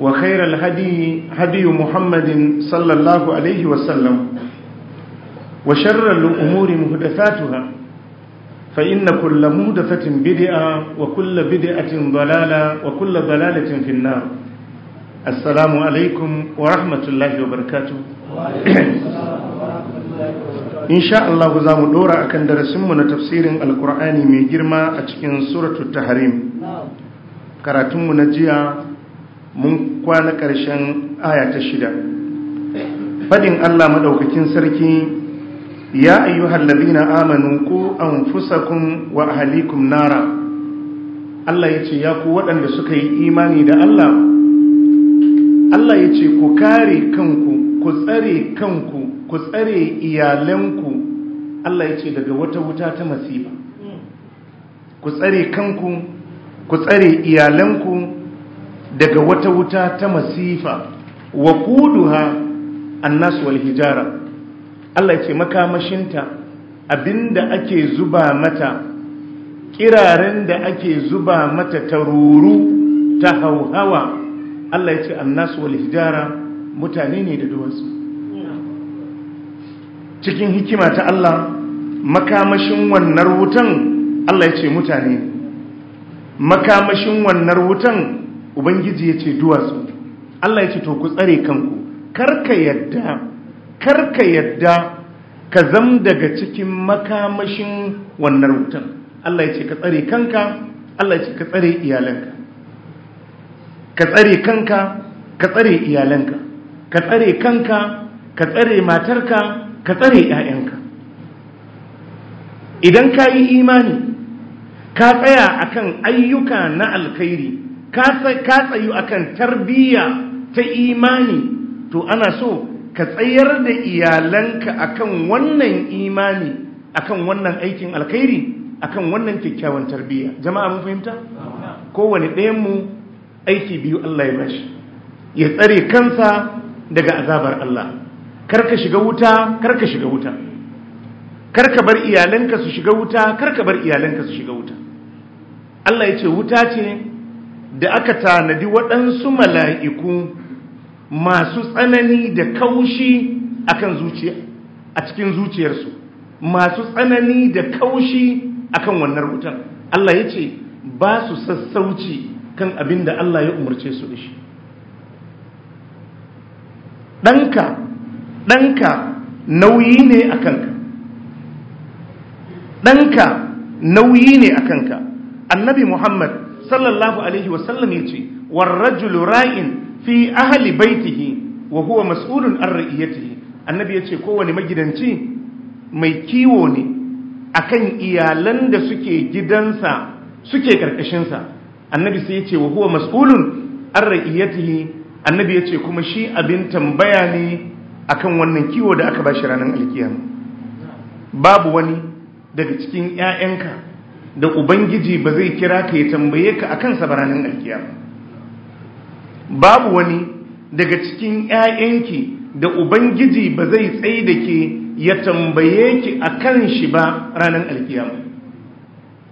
وخير الهدي هدي محمد صلى الله عليه وسلم وشر الأمور مهدفاتها فإن كل مهدفة بدعة وكل بدعة ضلالة وكل ضلالة في النار السلام عليكم ورحمة الله وبركاته إن شاء الله زام دورا أكن درسمنا تفسير القرآن من جرما أتكين سورة التحريم كراتم نجيا mun kwana ƙarshen aya ta shida Faɗin Allah maɗaukakin sarki ya hallabi na amanu ku fusakun wa ahlikum nara Allah ya ce ya ku waɗanda suka yi imani da Allah Allah ya ce ku kare kanku ku tsare kanku ku tsare iyalanku Allah ya ce daga wata wuta ta masifa mm. ku tsare kanku ku tsare iyalanku daga wata wuta ta masifa wa kuduha annas wal hijara Allah ce makamashinta abinda ake zuba mata kiraren da ake zuba mata ta ruru ta hauhawa Allah ya ce annas wal hijara mutane ne da duwatsu cikin hikima ta Allah makamashin wannan wutan Allah ya ce mutane makamashin wannan wutan ubangiji ya ce duwatsu Allah ya ce to ku tsare kanku karka yadda karka yadda ka zam daga cikin makamashin wannan wutan Allah ya ce ka tsare kanka Allah ya ce ka tsare iyalanka ka tsare kanka ka tsare iyalanka ka tsare kanka ka tsare matarka ka tsare 'ya'yanka idan ka yi imani ka tsaya akan ayyuka na alkhairi ka tsayu akan tarbiyya ta imani to ana so ka tsayar da iyalanka akan wannan imani akan wannan aikin alkhairi akan wannan kyakkyawan tarbiyya jama'a mun fahimta kowane ɗayan mu aiki biyu Allah ya bashi ya tsare kansa daga azabar Allah karka shiga wuta karka shiga wuta karka bar iyalanka su shiga wuta karka bar iyalanka su shiga wuta Allah ya ce wuta ce da aka tanadi waɗansu mala'iku masu tsanani da kaushi kan zuciya a cikin zuciyarsu masu tsanani da kaushi akan wannan wutan Allah ya ce ba su sassauci kan abin da Allah ya umarce su da shi ɗanka ɗanka nauyi ne a kanka ɗanka nauyi ne a kanka annabi muhammad sallallahu alaihi wasallam yace war rajul ra'in fi ahli baitihi wa huwa mas'ulun an ra'iyatihi annabi yace kowane magidanci mai kiwo ne akan iyalan da suke gidansa suke karkashin sa annabi sai yace wa huwa mas'ulun an ra'iyatihi annabi yace kuma shi abin tambaya ne akan wannan kiwo da aka bashi ranar alkiyama babu wani daga cikin 'ya'yanka da ubangiji ba zai kira ka ya tambaye ka akan sabaranin alkiyar. babu wani daga cikin 'ya'yanki da ubangiji ba zai tsaye da ke ya tambaye ki akan shi ba ranar alkiyar.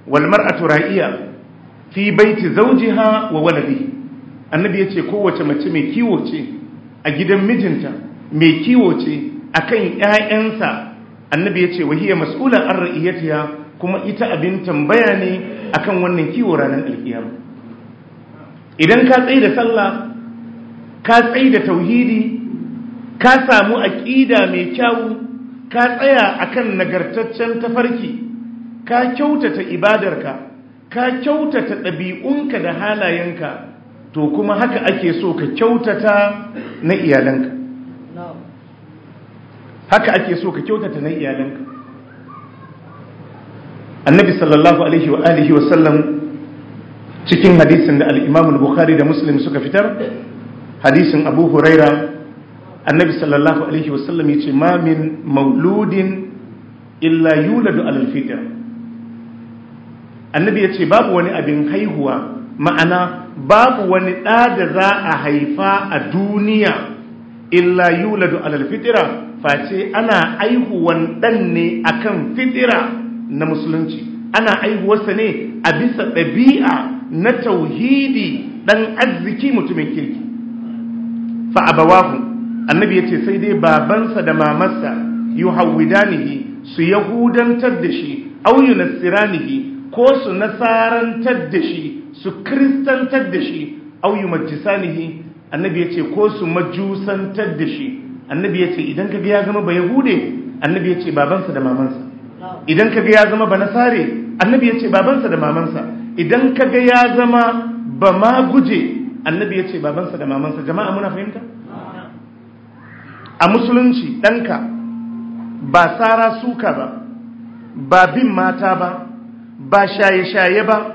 Walmar a turaiya fi baiti zaujiha wa waladihi annabi ya ce kowace mace mai kiwo ce a gidan mijinta mai kiwo ce kan 'ya'yansa annabi ya yace wahiya mas'ulan an ra'iyatiha kuma ita abin tambaya ne akan wannan kiwo ranar alkiyama idan ka tsaye da sallah ka tsaye da tauhidi ka samu aƙida mai kyawu ka tsaya akan nagartaccen tafarki ka kyautata ibadarka ka kyautata ɗabi'unka da halayenka to kuma haka ake so ka kyautata na iyalanka haka ake so ka kyautata na iyalanka annabi sallallahu alaihi wa alihi wa sallam cikin hadisin da al-imam al-bukhari da muslim suka fitar hadisin abu huraira annabi sallallahu alaihi wa sallam yace ma min mauludin illa yuladu al fitr annabi yace babu wani abin haihuwa ma'ana babu wani da da za a haifa a duniya illa yuladu alal fitira face ana aihuwan ɗan ne akan fitra na musulunci ana aihuwarsa ne a bisa ɗabi'a na tauhidi ɗan arziki mutumin kirki fa'abawahu annabi ya ce sai dai babansa da mamarsa yi nihi su yahudantar da shi auyu nihi ko su nasarantar da shi su kristantar da shi auyu nihi annabi ya ce ko su majusantar da shi annabi ya ce idan ka ya zama ba yahude annabi ya ce babansa da mamansa idan kaga ya zama sare, annabi ya ce babansa da mamansa idan kaga ya zama ba ma guje annabi ya ce babansa da mamansa jama'a muna fahimta a musulunci ɗanka ba Sara suka ba ba bin mata ba ba shaye-shaye ba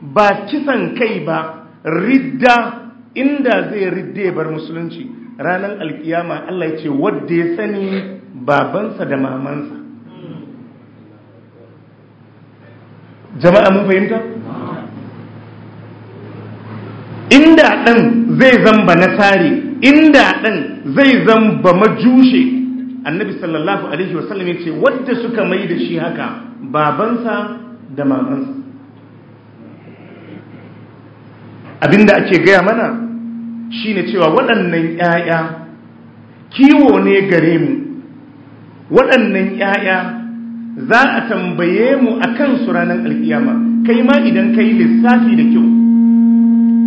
ba kisan kai ba ridda inda zai ridde bar musulunci ranar alkiyama Allah ya ce wadda ya sani babansa da mamansa jama'a mun fahimta inda ɗan zai zamba nasari inda ɗan zai zamba majushe annabi sallallahu alaihi wasallam ya ce wadda suka mai da shi haka babansa da mamansa abinda ake gaya mana shine cewa waɗannan 'ya'ya kiwo ne gare mu waɗannan 'ya'ya za a tambaye mu a su ranar alkiyama kai ma idan kai lissafi da kyau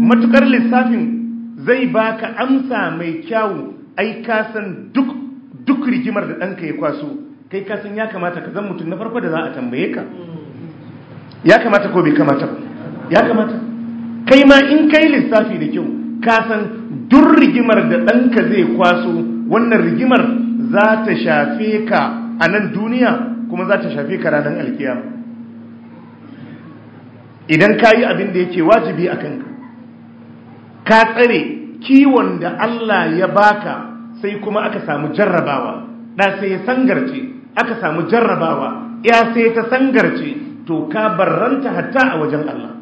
matukar lissafin zai baka amsa mai kyawu ai ka san duk duk rigimar da ɗanka ya kwaso kai ka san ya kamata ka zan mutum na farko da za a tambaye ka ya kamata ko bai kamata ya kamata kai ma in kai lissafi da kyau ka san duk rigimar da ɗanka zai kwaso wannan rigimar za ta shafe ka a nan duniya kuma za ta shafi ka ranar alkiyama idan ka yi abin da yake wajibi a kanka ka tsare kiwon da Allah ya baka sai kuma aka samu jarrabawa na sai ya sangarce aka samu jarrabawa ya sai ta sangarce to ka barranta hatta a wajen Allah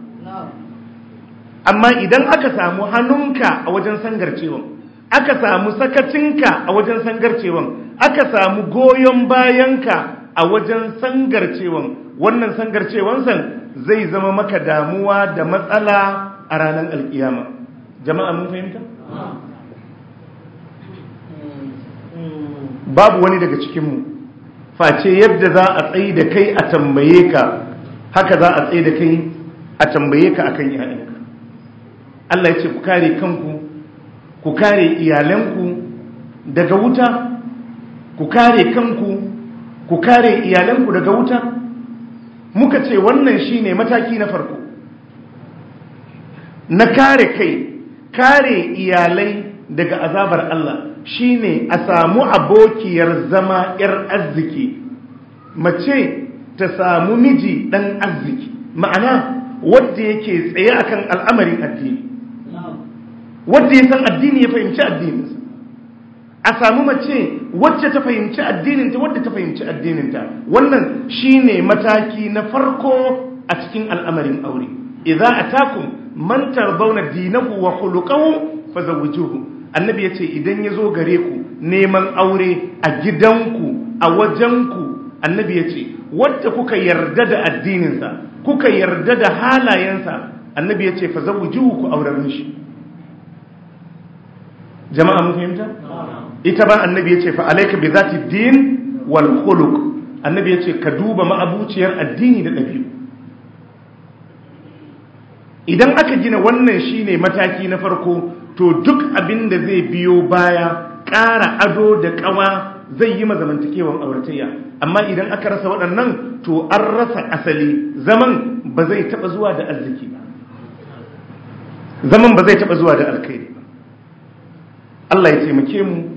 amma idan aka samu hannunka a wajen sangarcewan aka samu sakacinka a wajen sangarcewan aka samu goyon bayanka a wajen sangarcewan wannan sangarcewansan zai zama maka damuwa da matsala a ranar alkiyama jama'a mun fahimta? babu wani daga cikinmu face yadda za a tsaye da kai a tambaye ka haka za a tsaye da kai a tambaye ka akan iyalinka Allah ya ce ku kare kanku ku kare iyalanku daga wuta ku kare kanku ku kare iyalanku daga wuta muka ce wannan shine mataki na farko na kare kai kare iyalai daga azabar Allah shine a samu abokiyar zama 'yar arziki mace ta samu miji ɗan arziki ma'ana wadda yake tsaye akan al'amarin addini wadda ya san addini ya fahimci addininsa a samu mace wacce ta fahimci addininta wadda ta fahimci addininta wannan shi ne mataki na farko a cikin al'amarin aure a taku mantar zauna dinahu wa khuluquhu fazawwijuhu annabi ya ce idan ya zo gare ku neman aure a gidanku a wajenku annabi ya ce wadda kuka yarda da addininsa kuka yarda da halayensa annabi ya yace fazawwijuhu ku auren shi jama'a mu fahimta ita ba annabi ya ce fa alaika bi zati din wal khuluq annabi ya ce ka duba ma'abuciyar addini da ɗabi'u idan aka gina wannan shine mataki na farko to duk abin da zai biyo baya ƙara ado da ƙawa zai yi mazamantakewan auratayya amma idan aka rasa waɗannan to an rasa asali zaman ba zai taɓa zuwa da arziki ba zaman ba zai taɓa zuwa da alkhairi ba Allah ya taimake mu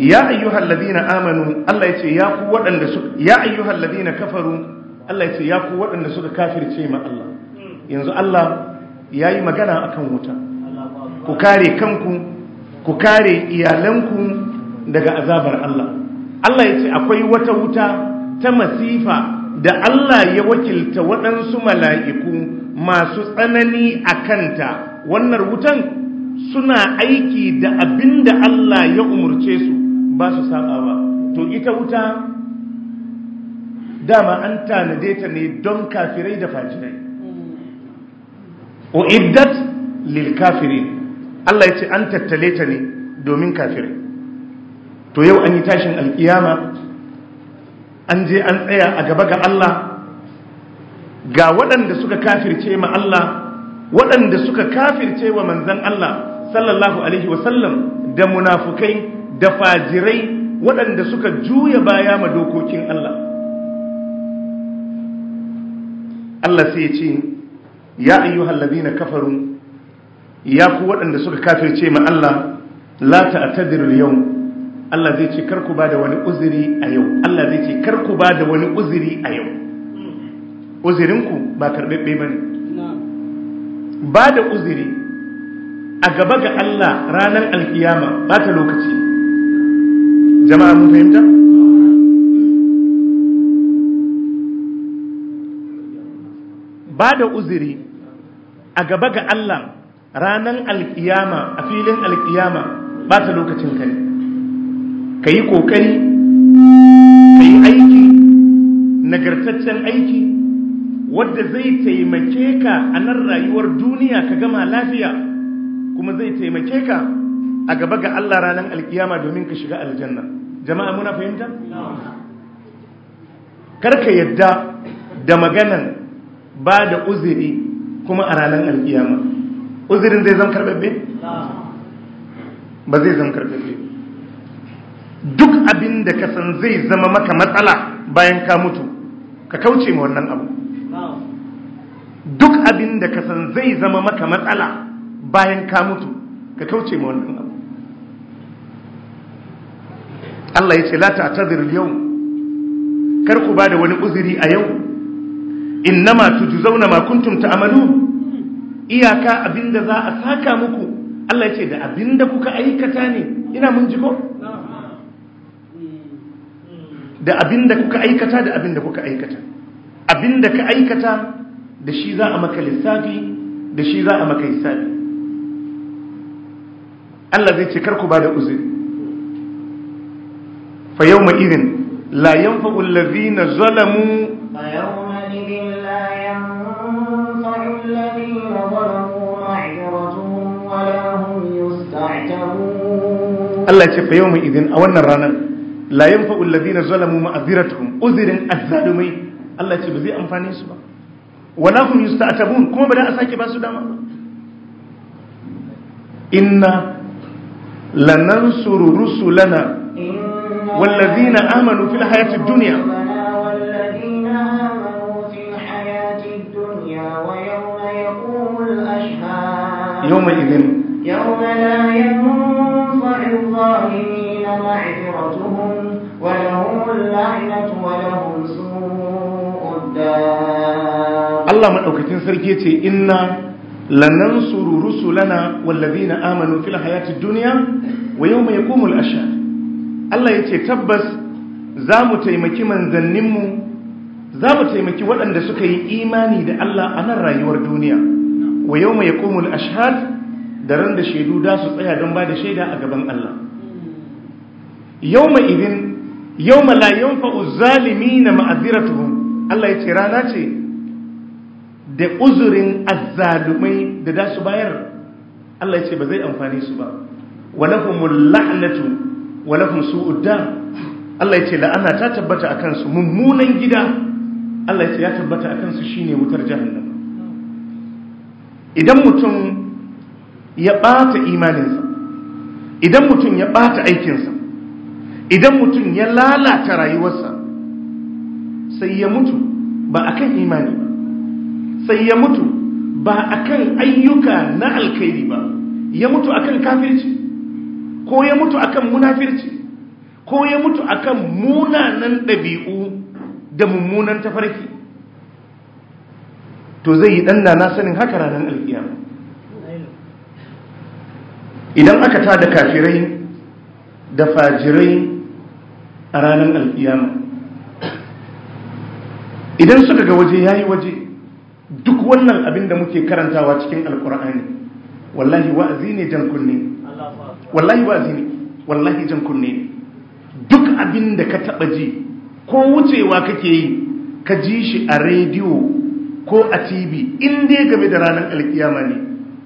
ya ayyuhal ladina amanu Allah ya ce ya ku waɗanda su ya ayyuhal ladina kafaru Allah ya ce ya ku suka kafirce ma Allah yanzu Allah ya yi magana akan wuta ku kare kanku ku kare iyalanku daga azabar Allah Allah ya ce akwai wata wuta ta masifa da Allah ya wakilta waɗansu mala'iku masu tsanani a kanta wannan wutan suna aiki da abin da Allah ya umurce su ba su ba to ita wuta dama an tanade ta ne don kafirai da fajirai iddat lil kafirin Allah ya ce an tattale ta ne domin kafirai to yau an yi tashin alkiyama an je an tsaya a gaba ga Allah ga waɗanda suka kafirce ma Allah waɗanda suka kafirce wa manzan Allah sallallahu alaihi wasallam da munafukai da fajirai waɗanda suka juya baya ma dokokin Allah Allah sai ce ya ayyuhal ladina kafaru ya ku waɗanda suka kafirce ma Allah la ta'tadiru yau Allah zai ce karku ba da wani uzuri a yau Allah zai ce karku ba da wani uzuri a yau uzurinku ba karɓaɓɓe bane ba da uzuri a gaba ga Allah ranar alkiyama ba ta lokaci jama'a mun fahimta ba da uziri, a gaba ga Allah ranar alkiyama a filin alkiyama ba ta lokacin kai ka yi kokari ka yi aiki nagartaccen aiki wadda zai taimake ka a nan rayuwar duniya ka gama lafiya kuma zai taimake ka a gaba ga Allah ranar alkiyama domin ka shiga aljanna jama'a muna fahimta karka yadda da maganan ba da uzuri kuma a ranar alkiyama uzurin zai zan karbabbe ba zai zan karbabbe duk abin da ka san zai zama maka matsala bayan ka mutu ka kauce ma wannan abu duk abin da ka san zai zama maka matsala bayan ka mutu ka kauce ma wannan abu Allah ya ce la ta'tazir al yau, kar ku bada wani uzuri a yau innama tujzauna ma kuntum ta'malun iyaka abinda za a saka muku Allah ya ce da abinda kuka aikata ne ina mun jiko da abinda kuka aikata da abinda kuka aikata abinda ka aikata da shi za a maka lissafi da shi za a maka lissafi Allah zai ce kar ku bada uzuri fa yawma idhin la yanfa'u alladhina zalamu fa yawma idhin la yanfa'u alladhina zalamu ma'dhuratuhum wa la hum yusta'tabun Allah ce fa yawma idhin a wannan ranar la yanfa'u alladhina zalamu ma'dhuratuhum uzrin azzalumai Allah ce ba zai amfane su ba wala hum kuma ba a sake ba su dama inna lanansuru والذين آمنوا في الحياة الدنيا يومئذ يوم لا ينفع الظالمين معذرتهم ولهم اللعنة ولهم سوء الدار الله من أوكتين سركيتي إنا لننصر رسلنا والذين آمنوا في الحياة الدنيا ويوم يقوم الأشهاد Allah ya ce tabbas za mu taimaki manzanninmu za mu taimaki waɗanda suka yi imani da Allah a nan rayuwar duniya wa yau mai komul ashad da ran da shaidu da su tsaya don ba da shaida a gaban Allah yau mai idin yau fa’u fa'uzalimi na ma'aziratu, Allah ya ce rana ce da uzurin azalumai da da su bayar Allah ya ce ba zai amfani su ba wa mu la'anatu wa lahum Allah ya ce la'ana ta tabbata a kansu mummunan gida Allah ya ce ya tabbata a kansu shine wutar jahannama idan mutum ya bata imaninsa idan mutum ya bata aikinsa idan mutum ya lalata rayuwarsa sai ya mutu ba akan imani ba sai ya mutu ba akan ayyuka na alkhairi ba ya mutu akan kafirci ko ya mutu akan munafirci ko ya mutu akan munanan ɗabi'u da mummunan tafarki to zai yi ɗanna na sanin haka ranar alkiyama idan aka ta da kafirai da fajirai a ranar alkiyama idan suka ga waje ya yi waje duk wannan abin da muke karantawa cikin alkur'ani wallahi wa'azi ne jan kunne wallahi ba zini wallahi jan kunne ne duk abin da ka taɓa ji ko wucewa kake yi ka ji shi a rediyo ko a tv in dai game da ranar alkiyama ne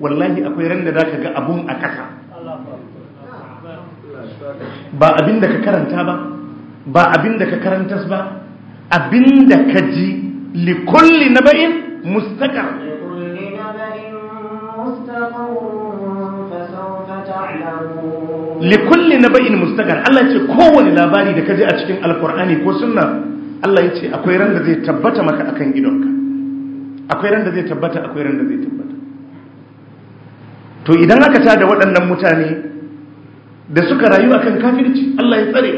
wallahi akwai ran da za ka ga abun a ƙasa ba abin da ka karanta ba ba abin da ka karantas ba abin da ka ji likulli na bain mustaƙar likulli naba'in mustaqar Allah ce kowane labari da kaji a cikin alkur'ani ko sunna Allah ya ce akwai ran da zai tabbata maka akan idonka akwai ran da zai tabbata akwai ran da zai tabbata to idan aka ta da waɗannan mutane da suka rayu akan kafirci Allah ya tsare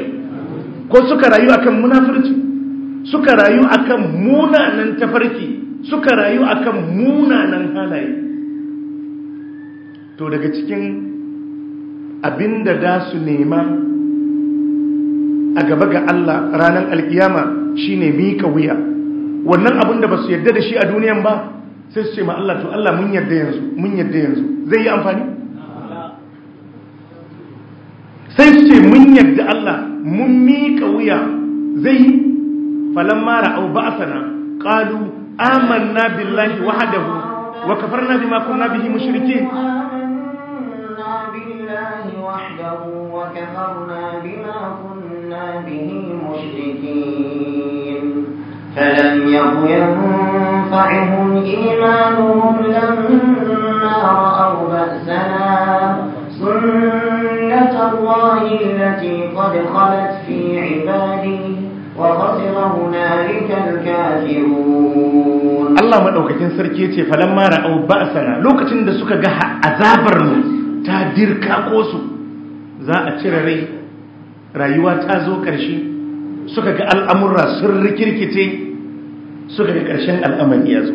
ko suka rayu akan munafirci suka rayu akan munanan tafarki suka rayu akan munanan halaye to daga cikin abinda da su nema a gaba ga Allah ranar alkiyama shine mika wuya wannan abin da ba su yadda da shi a duniyan ba sai su ce ma Allah to Allah mun yadda yanzu mun yadda yanzu zai yi amfani sai su ce mun yadda Allah mun mika wuya zai yi falamma ra'au ba'athana qalu amanna billahi wahdahu wa kafarna bima kunna bihi mushrikeen لله وحده وكفرنا بما كنا به مشركين فلم يك ينفعهم إيمانهم لما رأوا بأسنا سنة الله التي قد خلت في عباده Allah maɗaukakin sarki ya ce falamma ra'au رأوا lokacin da suka ga azabar mu ta dirka su za a cire rai rayuwa ta zo ƙarshe suka ga al'amurra sun rikirkite suka ga ƙarshen al'amari ya zo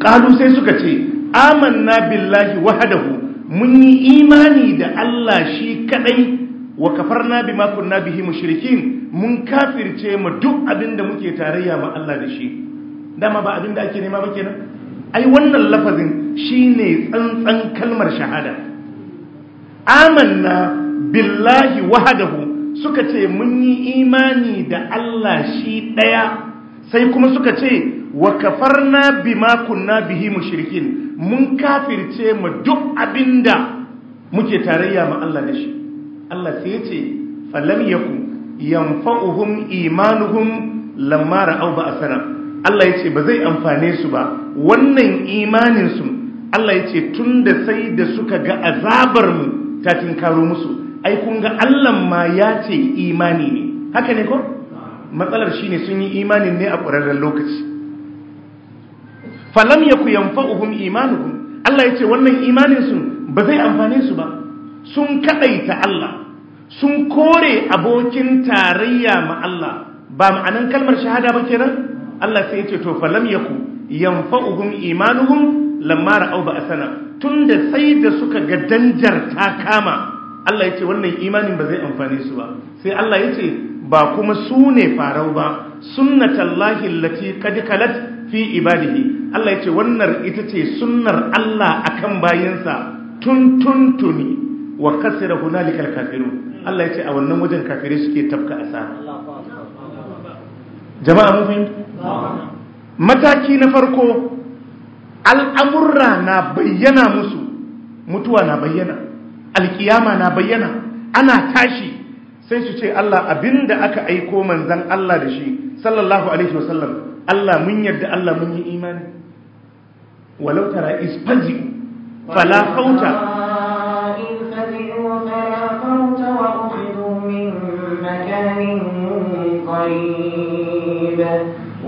ƙalu sai suka ce aman na billahi wahadahu mun yi imani da Allah shi kaɗai wa kafar bi makon na bihi mashirikin mun kafirce ma duk abin da muke tarayya ma Allah da shi dama ba abin da ake nema ba kenan ai wannan lafazin shine tsantsan kalmar shahada amanna billahi wahadahu suka ce mun yi imani da Allah shi ɗaya sai kuma suka ce wa kafarna bima kunna bihi mushrikin mun kafirce mu duk abinda muke tarayya ma Allah da shi Allah sai ya ce falam yaku yanfa'uhum imanuhum lamma ra'aw ba'sana Allah ya ce ba zai amfane su ba wannan imanin su Allah ya ce tunda sai da suka ga azabar mu ta karo musu ai kun ga Allah ma ya ce imani ne haka ne ko matsalar shine sun yi imanin ne a ƙurarren lokaci falam yaku yanfa'uhum imanuhum Allah ya ce wannan imanin su ba zai amfane su ba sun kadaita Allah sun kore abokin tarayya ma Allah ba ma'anan kalmar shahada ba kenan Allah sai ya ce to falam yaku yanfa'uhum imanuhum Lammara au ba a tun tunda sai da suka ga danjar ta kama Allah yace wannan imanin ba zai amfani su ba sai Allah yace ba kuma su ne farau ba sunnatullahi allati qad kalat fi ibadihi Allah yace wannan ita ce sunnar Allah akan bayansa tun tun tuni wa kasira hunalikal kafirun Allah yace a wannan wajen kafirai suke tafka asara jama'a mun mataki na farko al'amurra na bayyana musu mutuwa na bayyana alƙiyama na bayyana ana tashi sai su ce Allah abin da aka aiko manzan Allah da shi sallallahu alaihi wasallam Allah mun yarda Allah mun yi imani walau tara isfazi fala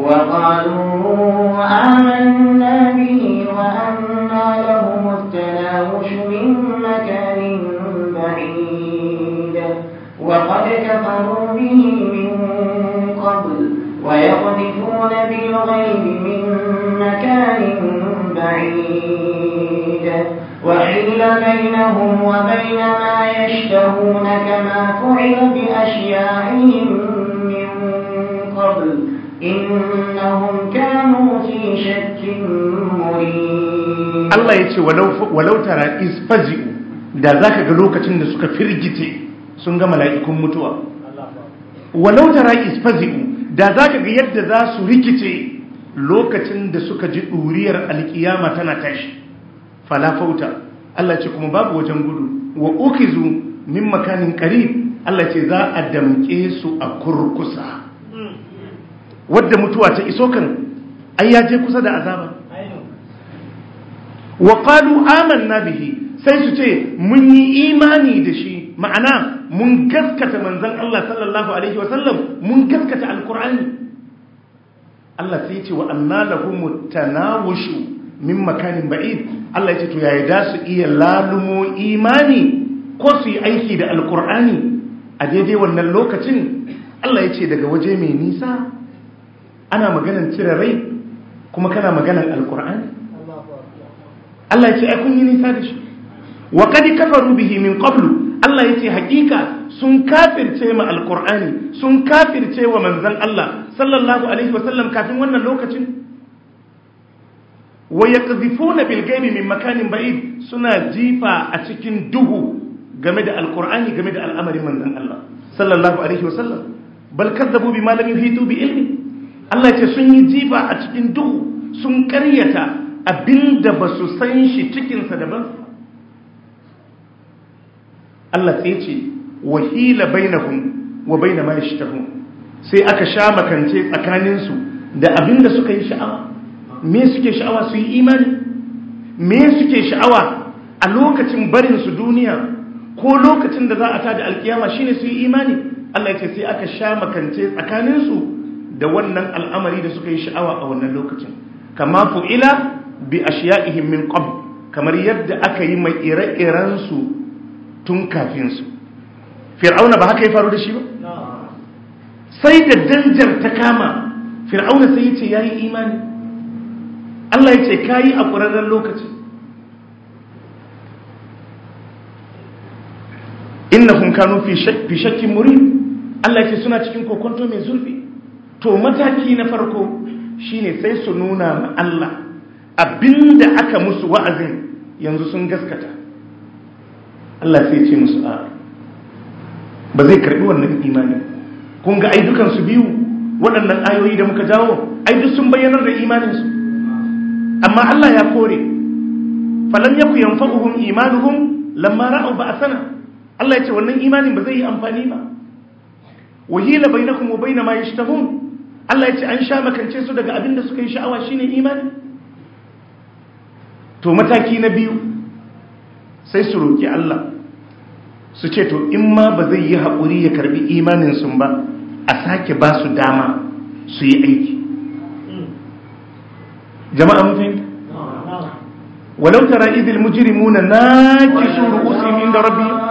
وقالوا آمنا به وأنا لهم التناوش من مكان بعيد وقد كفروا به من قبل ويقذفون بالغيب من مكان بعيد وحيل بينهم وبين ما يشتهون كما فعل بأشياعهم من قبل إنهم كانوا في شك مريب الله يتي ولو, ولو ترى da za ka ga lokacin da suka firgite sun ga mala'ikun mutuwa walau tara isfazi'u da za ka ga yadda za su rikice lokacin da suka ji ɗuriyar alƙiyama tana tashi falafauta Allah ce kuma babu wajen gudu wa ukizu min makanin ƙarib Allah ce za a damƙe su a kurkusa wadda mutuwa ta iso kan ai kusa da azaba wa qalu amanna bihi sai su ce mun yi imani da shi ma'ana mun gaskata manzon Allah sallallahu alaihi wasallam mun gaskata alqur'ani Allah sai ya ce wa anna lahum tanawushu min makanin ba'id Allah ya ce to yayi da su iya lalumo imani ko su yi aiki da alqur'ani a daidai wannan lokacin Allah ya ce daga waje mai nisa ana maganan cire rai kuma kana maganan alkur'ani Allah ya ce ai kun yi nisa da shi wa kad kafaru bihi min qablu Allah ya ce hakika sun kafirce ma alkur'ani sun kafirce wa manzon Allah sallallahu alaihi sallam kafin wannan lokacin wa yaqdhifuna bil ghaibi min makanin ba'id suna jifa a cikin duhu game da alkur'ani game da al'amarin manzon Allah sallallahu alaihi sallam? bal kadzabu bima lam yuhitu bi ilmi Allah ce sun yi jifa a cikin duhu sun karyata abinda ba su san shi cikinsa daban Allah sai ce wahila bainahum wa baina ma yashtahun sai aka sha makance tsakaninsu da abinda suka yi sha'awa me suke sha'awa su yi imani me suke sha'awa a lokacin barin su duniya ko lokacin da za a tada alkiyama shine su yi imani Allah ya ce sai aka sha makance tsakaninsu da wannan al'amari da suka yi sha'awa a wannan lokacin kama fu'ila bi ashiya'ihim min qabl kamar yadda aka yi mai ire-iren su tun kafin su fir'auna ba haka ya faru da shi ba sai da danjar ta kama fir'auna sai yace yayi imani Allah yace kayi a ƙurarren lokaci innahum kanu fi shakkin murid Allah ce suna cikin kokonto mai zurfi. to mataki na farko shine sai su nuna ma Allah abinda aka musu wa'azin yanzu sun gaskata Allah sai ce musu a ba zai karbi wannan imani kun ga aidukan su biyu waɗannan ayoyi da muka jawo ai duk sun bayyanar da imaninsu amma Allah ya kore falan yaku yanfa'uhum imanuhum lamma ra'u ba'sana Allah ya ce wannan imanin ba zai yi amfani ba wahila bainakum wa bainama yashtahun Allah ya ce an sha makarce su daga abin da suka yi sha'awa shine imani to mataki na biyu sai su roƙi Allah su ce to in ma ba zai yi haƙuri ya karɓi imanin sun ba a sake ba su dama su yi aiki jama'a mun walau tara idil mujrimuna nakisu min da Rabi.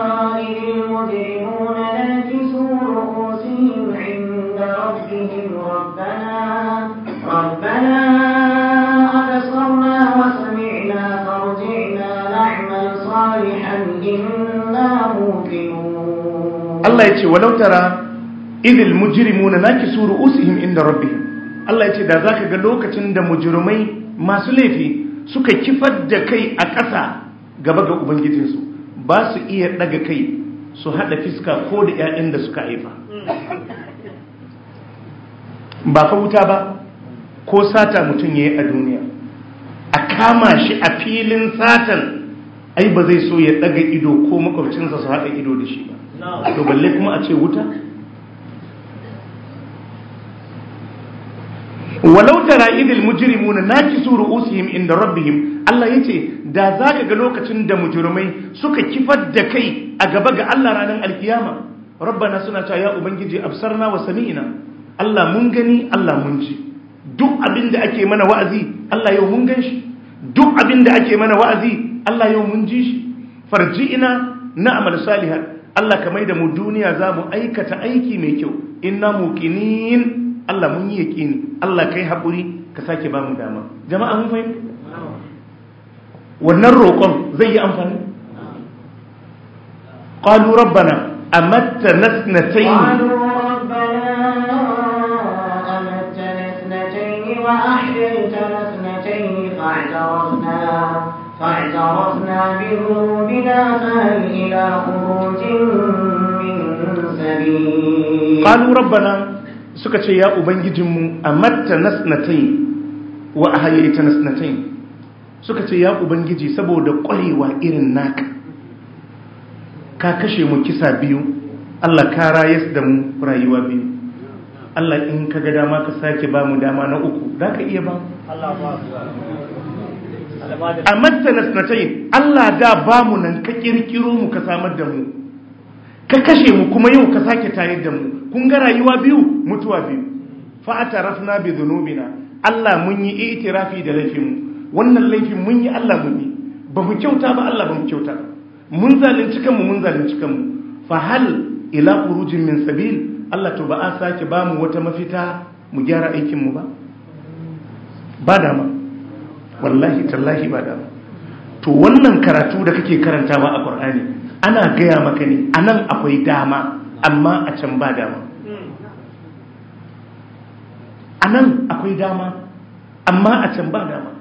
ربنا أبصرنا وسمعنا فارجعنا نعمل صالحا إنا موقنون الله يتي ولو ترى إذ المجرمون رؤوسهم عند ربهم Allah ya ce da za ka ga lokacin da mujirimai masu laifi suka kifar da kai a ƙasa gaba ga Ubangijinsu ba su iya ɗaga kai su haɗa fiska ko da ‘ya'yan da suka haifa. Hmm. Ba fa wuta ba, ko sata mutum ya yi a duniya a kama shi a filin satan ai ba zai so ya daga ido ko makwabcinsa su haɗa ido da shi ba to balle kuma a ce wuta walau tara idil mujrimuna suru usihim inda rabbihim Allah yace da zaka ga lokacin da mujrimai suka kifar da kai a gaba ga Allah ranar alkiyama rabbana suna cewa ya ubangiji absarna wa sami'na Allah mun gani Allah mun ji duk abinda ake mana wa'azi Allah yau mun gan shi duk abin da ake mana wa'azi Allah yau mun ji shi farji'ina na'mal salihan Allah ka maida mu duniya za mu aikata aiki mai kyau inna muqinin Allah mun yi yaqini Allah kai haƙuri ka sake ba mu dama jama'a mun fahimta wannan roƙon zai yi amfani qalu rabbana amatta nasnatayn وأحييتنا اثنتين فاعترفنا بذنوبنا فهل إلى خروج من سبيل قالوا ربنا suka ce ya ubangijinmu a matta nasnatai wa a hayaita nasnatai suka ce ya ubangiji saboda ƙwarewa irin naka ka kashe mu kisa biyu allah ka rayas da mu rayuwa biyu Allah in ka ga dama ka sake ba mu dama na uku za ka iya ba a mattanas na tayin Allah da ba mu nan ka kirkiro mu ka samar da mu ka kashe mu kuma yau ka sake tayar da mu kun ga rayuwa biyu mutuwa biyu fa atarafna bi zunubina Allah mun yi itirafi da laifinmu wannan laifin mun yi Allah mun yi ba mu kyauta ba Allah ba mu kyauta mun zalunci kanmu mun zalunci kanmu fa hal ila khurujin min sabil Allah to ba a sake ba mu wata mafita mu gyara aikinmu ba ba dama wallahi tallahi ba dama to wannan karatu da kake karanta ba a ƙwar'ani ana gaya maka ne a nan akwai dama amma a can ba dama a nan akwai dama amma a can ba dama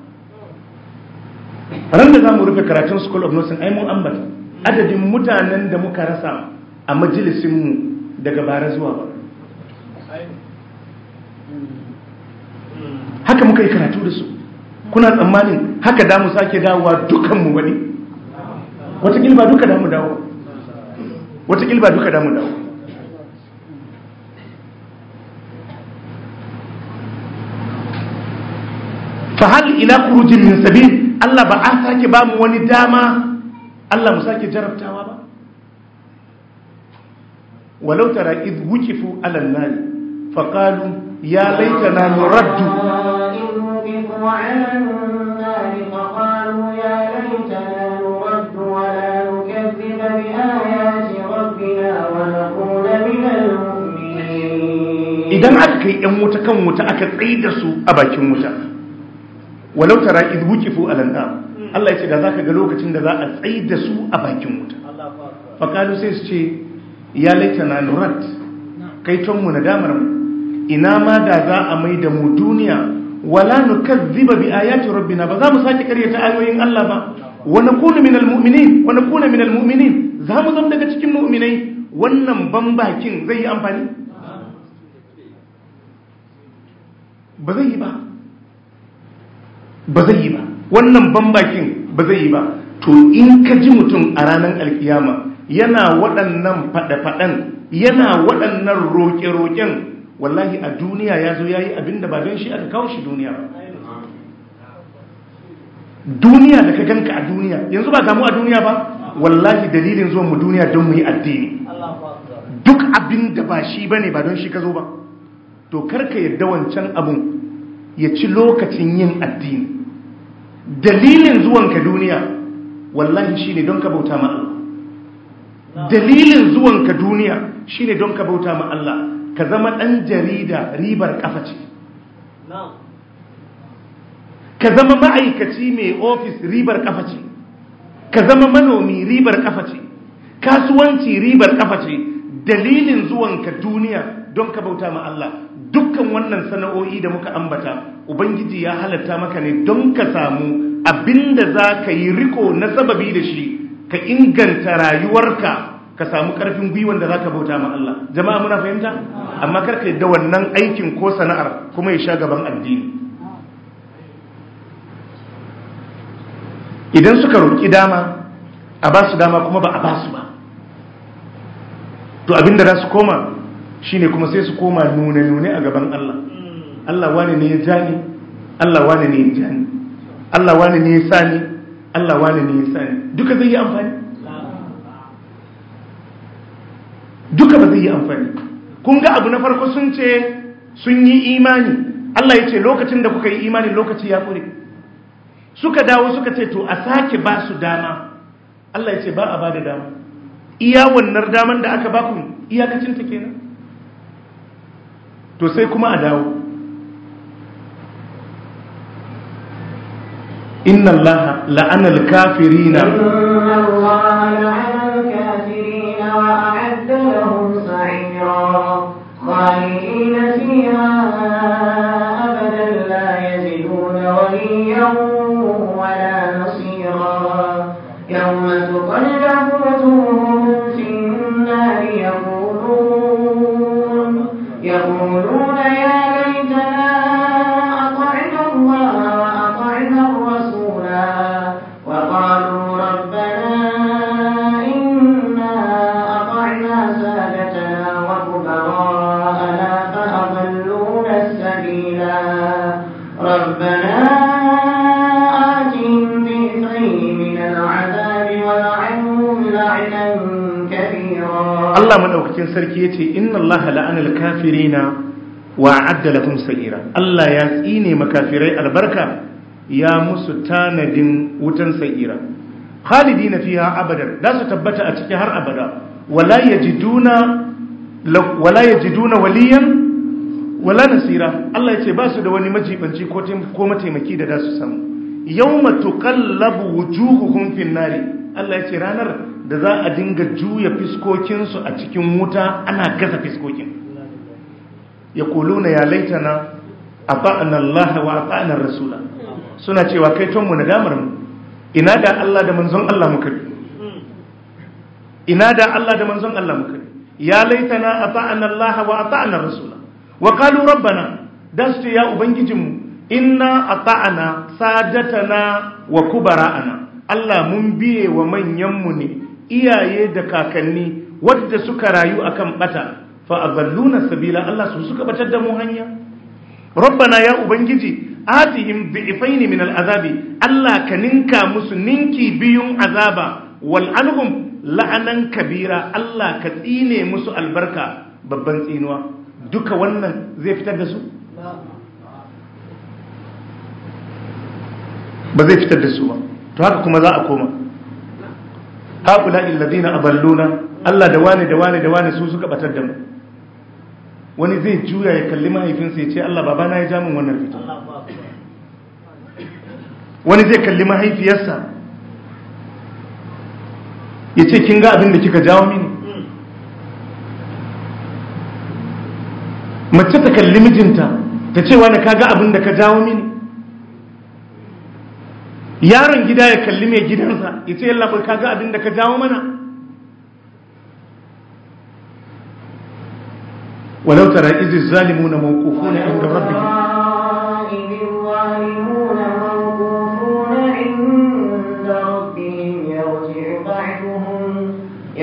ran da za mu rufe karatun school of nursing ai mun ambata adadin mutanen da muka rasa a majalisinmu daga bara zuwa ba. Hmm. haka muka yi karatu da su kuna tsammanin haka damu sake dawowa dukanmu wani watakil ba duka damu dawo watakil ba duka damu dawo hal ila kurujin min sabil Allah ba a sake ba mu wani dama Allah mu sake jarabtawa ba ولو ترى إذ وجفوا على النار فقالوا يا ليتنا نرد فقالوا يا aka yi ‘yan wuta kan wuta aka tsaye da su a bakin wuta walau tara iz wukifu alan'am Allah ya ce da za ka ga lokacin da za a tsaye da su a bakin wuta faqalu sai su ce ya laitana nurat kaitonmu na nadamar mu ina ma da za a mai da mu duniya wala nukazziba bi ayati rabbina ba za mu sake karyata ayoyin Allah ba wa nakunu minal mu'minin wa nakunu minal mu'minin za mu zama daga cikin mu'minai wannan bakin zai yi amfani ba zai yi ba ba zai yi ba wannan bakin ba zai yi ba to in ka ji mutum a ranar alkiyama yana waɗannan faɗe-faɗen yana waɗannan roƙe-roƙen wallahi a duniya ya zo ya yi abin da ba don shi aka kawo shi duniya ba duniya da ka ganka a duniya yanzu ba samu a duniya ba wallahi dalilin zuwan mu duniya don mu yi addini duk abin da ba shi ba ne ba don shi ka zo ba to karka yadda wancan abun ya ci lokacin yin addini dalilin zuwanka duniya wallahi shi ne don ka bauta ma dalilin zuwanka duniya shine don ka bauta ma Allah ka zama ɗan jarida ribar ƙafa ce ka zama ma'aikaci mai ofis ribar ƙafa ce ka zama manomi ribar ƙafa ce kasuwanci ribar ƙafa ce dalilin zuwanka duniya don ka bauta ma Allah dukkan wannan sana'o'i da muka ambata ubangiji ya halatta maka ne don ka samu abinda za ka yi riko na sababi da shi ka inganta rayuwarka ka samu karfin gwiwan da za ka bauta ma Allah jama'a muna fahimta amma kar ka yadda wannan aikin ko sana'ar kuma ya sha gaban addini idan suka roƙi dama a ba su dama kuma ba a ba su ba to abin da za su koma shine kuma sai su koma nune-nune a gaban Allah Allah wane ne ya ja ni Allah wane ne ya ja ni Allah wane ne ya sa ni Allah wani ne ya sani duka zai yi amfani duka ba zai yi amfani kun ga abu na farko sun ce sun yi imani Allah ya ce lokacin da kuka yi imani lokaci ya kure suka dawo suka ce to a sake ba su dama Allah ya ce ba a ba da dama iya wannan daman da aka baku iyakacin ta kenan to sai kuma a dawo إن الله لعن الكافرين إن الله لعن الكافرين وأعد لهم سعيرا خالدين فيها أبدا لا يجدون وليا ولا نصيرا يوم تقلب وجوههم madaukakin sarki ya ce inna allaha la'anal kafirina wa a'adda lahum sa'ira Allah ya tsine makafirai albarka ya musu tanadin wutan sa'ira na fiha abadan da su tabbata a ciki har abada wala yajiduna wala yajiduna waliyan wala nasira Allah ya ce ba su da wani majibanci ko ko mataimaki da za su samu yawma tuqallabu wujuhuhum fin nari Allah ya ce ranar da za a dinga juya fiskokinsu a cikin wuta ana gasa fiskokin ya kuluna ya na a ba'anar lahawa a ba'anar Rasula suna cewa kai tonmu na damar mu ina da Allah da manzon Allah muka bi ina da Allah da manzon Allah muka bi ya na a ba'anar lahawa a ba'anar Rasula wa kalu rabbana dan su ya ubangijinmu inna ta'ana sadatana wa kubara'ana Allah mun biye wa manyanmu ne iyaye da kakanni wadda suka rayu akan bata fa azalluna sabila Allah su suka batar da mu hanya rabbana ya ubangiji atihim bi'ifain min al'azabi Allah ka ninka musu ninki biyun azaba wal anhum la'anan kabira Allah ka tsine musu albarka babban tsinuwa duka wannan zai fitar da su ba zai fitar da su ba to haka kuma za a koma haƙula a aballuna Allah da wane da wane da wane su suka batar da mu wani zai juya ya kalli mahaifinsa ya ce Allah babana ya ja min wannan fito wani zai kalli mahaifiyarsa ya ce kin ga abin da kika jawo mini mace ta kalli mijinta ta ce wani ka ga abin da ka jawo mini yaron gida ya kalli mai gidansa ya ce yalla ka ga abin da ka jawo mana walau tara izi zalimuna mawqufuna inda rabbihim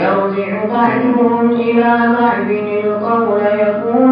يرجع بعضهم إلى بعض القول يقول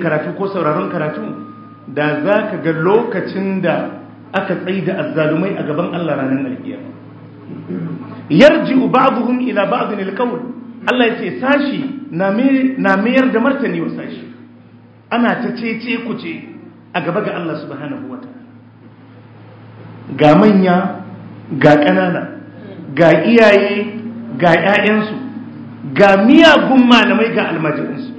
karatu ko sauraron karatu da za ka ga lokacin da aka tsaye da azzalumai a gaban Allah ranar alkiyama yarji ba'dhum ila ba'd alqawl Allah yace sashi na mayar da martani wa sashi ana ta cece kuce a gaba ga Allah subhanahu ga manya ga ƙanana ga iyaye ga 'ya'yansu ga miyagun malamai ga almajiransu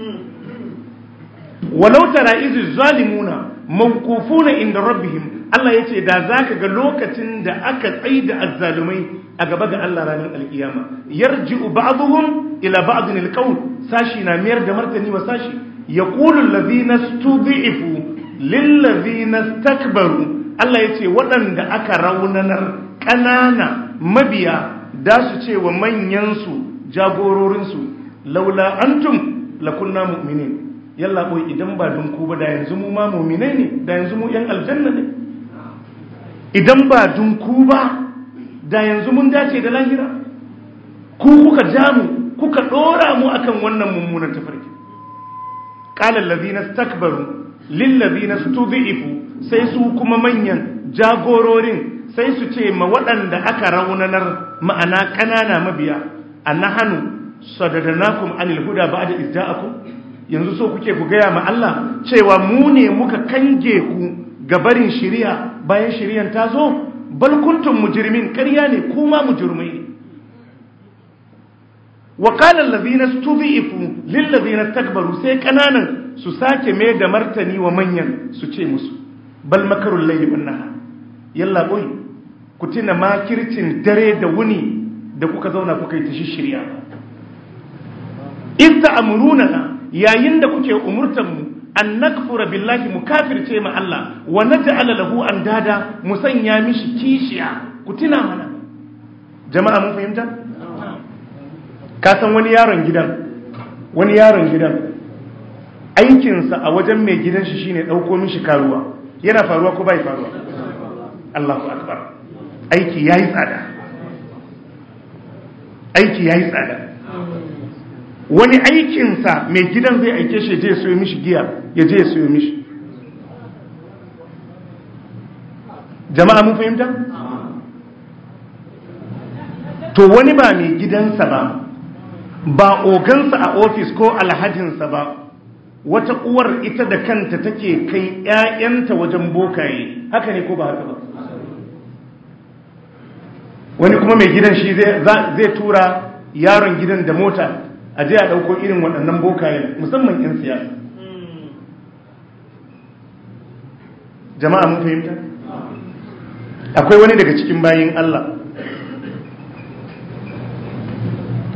walau tara izi zalimuna na, inda rabbihim Allah yace da zaka ga lokacin da aka tsaida azzalumai a gaba ga Allah ranar alkiyama yarji'u ba'dhum ila ba'dhin alqawl sashi na miyar da martani wa sashi yaqulu alladhina stud'ifu lil ladhina istakbaru Allah yace waɗanda aka raunanar ƙanana mabiya da su ce wa manyan su jagororin su laula antum lakunna mu'minin yalla idan ba dunku ba da yanzu mu ma mu'minai ne da yanzu mu yan aljanna ne idan ba dunku ba da yanzu mun dace da lahira ku kuka ja mu kuka dora mu akan wannan mummunan tafarki qala allazina istakbaru lil ladina studhifu sai su kuma manyan jagororin sai su ce ma waɗanda aka raunanar ma'ana ƙanana mabiya annahanu sadadnakum anil huda ba'da izda'akum yanzu so kuke ku gaya ma Allah cewa mu ne muka kange ku ga barin shiriya bayan shiriyan ta zo bal kuntum mujrimin ƙarya ne kuma mujrimai ne wa qala allazina Ifu lil ladzina takbaru sai ƙananan su sake mai da martani wa manyan su ce musu bal makarul layli wan nahar yalla boy ku tuna makircin dare da wuni da kuka zauna kuka yi ta shirya na. yayin da kuke umurtan mu an nakfura billahi mu kafirce ma Allah wa naj'ala lahu andada mu sanya mishi kishiya ku tuna mana jama'a mun fahimta ka san wani yaron gidan wani yaron gidan aikinsa a wajen mai gidan shi shine dauko mishi karuwa yana faruwa ko bai faruwa Allahu akbar aiki yayi tsada aiki yayi tsada wani aikinsa mai gidan zai aike shi je siyo mishi giya ya je siyo mishi jama'a mun fahimta to wani ba mai gidansa ba ba ogansa a ofis ko alhajinsa ba wata uwar ita da kanta take kai 'ya'yanta wajen bokaye haka ne ko ba haka ba wani kuma mai gidan shi zai tura yaron gidan da mota a je a ɗauko irin waɗannan bokayen musamman 'yan siyasa jama'a mun fahimta akwai wani daga cikin bayin Allah